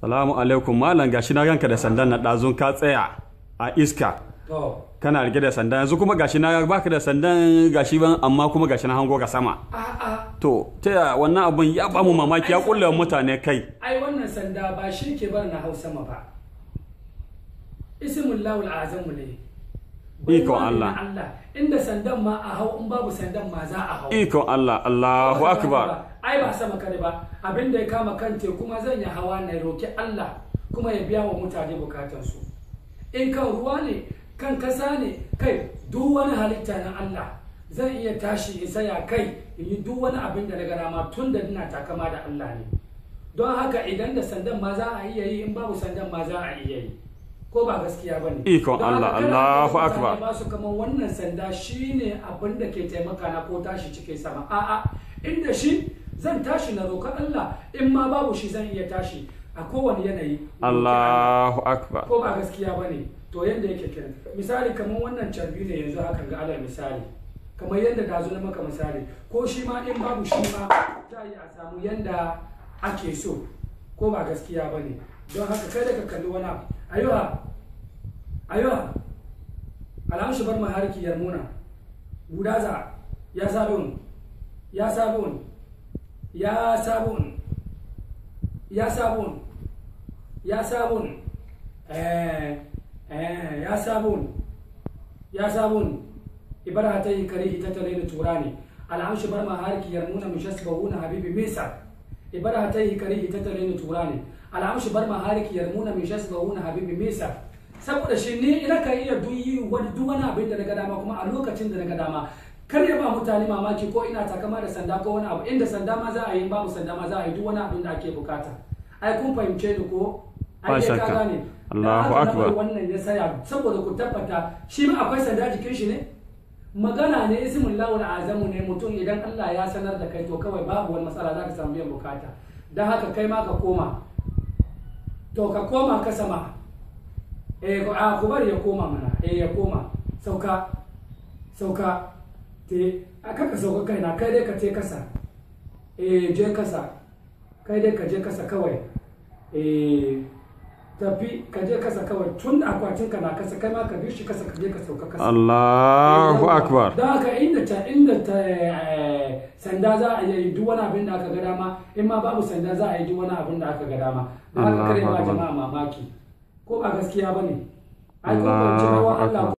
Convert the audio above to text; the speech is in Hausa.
salamu alaikum malam gashi na ganka da sandan na ɗazun ka tsaya a iska kana rike da sandan yanzu kuma gashi na baka da sandan gashi ban amma kuma gashi na hango ga sama to ta wannan abun ya ba mu mamaki ya kulle mutane kai ai wannan sanda ba shi ke bar na hau sama ba ismullahul azamu ne ikon Allah inda sandan ma a hau in babu sandan ma za a hau ikon Allah Allahu akbar ba sama kare ba abin da ya kama kan teku ma zan yi hawa na roki Allah kuma ya biya wa mutane su. in kan ruwa ne kan kasa ne kai duk wani halitta na Allah zan iya tashi in saya kai in yi duk wani abin da na rama ma tun da ina takama da Allah ne don haka idan da sandan ma za a iya yi in babu sandan ma za a iya yi ko ba gaskiya ba ne ikon Allah Allahu akbar ba su kamar wannan sanda shine abin da ke taimaka na ko tashi cikin sama a'a inda shi zan tashi na roƙa Allah in ma babu shi zan iya tashi a kowane yanayi Allahu akbar ko ba gaskiya bane to yanda yake kiran misali kamar wannan carbi ne yanzu hakan ga alal misali kamar yadda da zo na maka misali ko shi ma in babu shi ma ta yi a samu yanda ake so ko ba gaskiya bane don haka da ka kalli wani abu ayuha ayuha shi bar maharki yarmuna za ya sabon ya sabon ya sabun ya sabun ya sabun eh eh ya sabun ya sabun ibara ta yi kare ita ta raina turani al'amshi bar ma harki yarmuna mushasbahuna habibi misa ibara ta yi kare ita ta raina turani al'amshi bar ma harki yarmuna mushasbahuna habibi misa saboda shi ni ina ka iya duk wani abin da na ga dama kuma a lokacin da na ga dama kar ya ba mutane mamaki ko ina takama da sanda ko wani abu inda sanda ma za a yi ba mu sanda ma za a yi duk wani abin da ake bukata ai kun fahimce ni ko ai eh, ka gane Allahu akbar wannan ya saya saboda ku tabbata shi ma akwai sanda jikin shi ne magana ne ismin lawul azamu ne mutum idan Allah ya sanar da kai to kawai babu wani matsala za ka samu biyan bukata dan haka kai ma ka koma to ka koma ka sama eh ku bari ya koma mana eh ya koma sauka sauka te a kaka sauka na kai dai ka je kasa eh je kasa kai dai ka je kasa kawai eh tafi ka je kasa kawai tun akwatin ka na kasa kai ma ka bi shi kasa ka je ka sauka kasa Allahu eh, akbar da ka inda ta inda ta eh, sanda za a yi duk wani abin da aka ga dama in ma babu sanda za a yi duk wani abin da aka ga dama don haka kare ma jama'a mamaki ko ba gaskiya bane ai ko Allah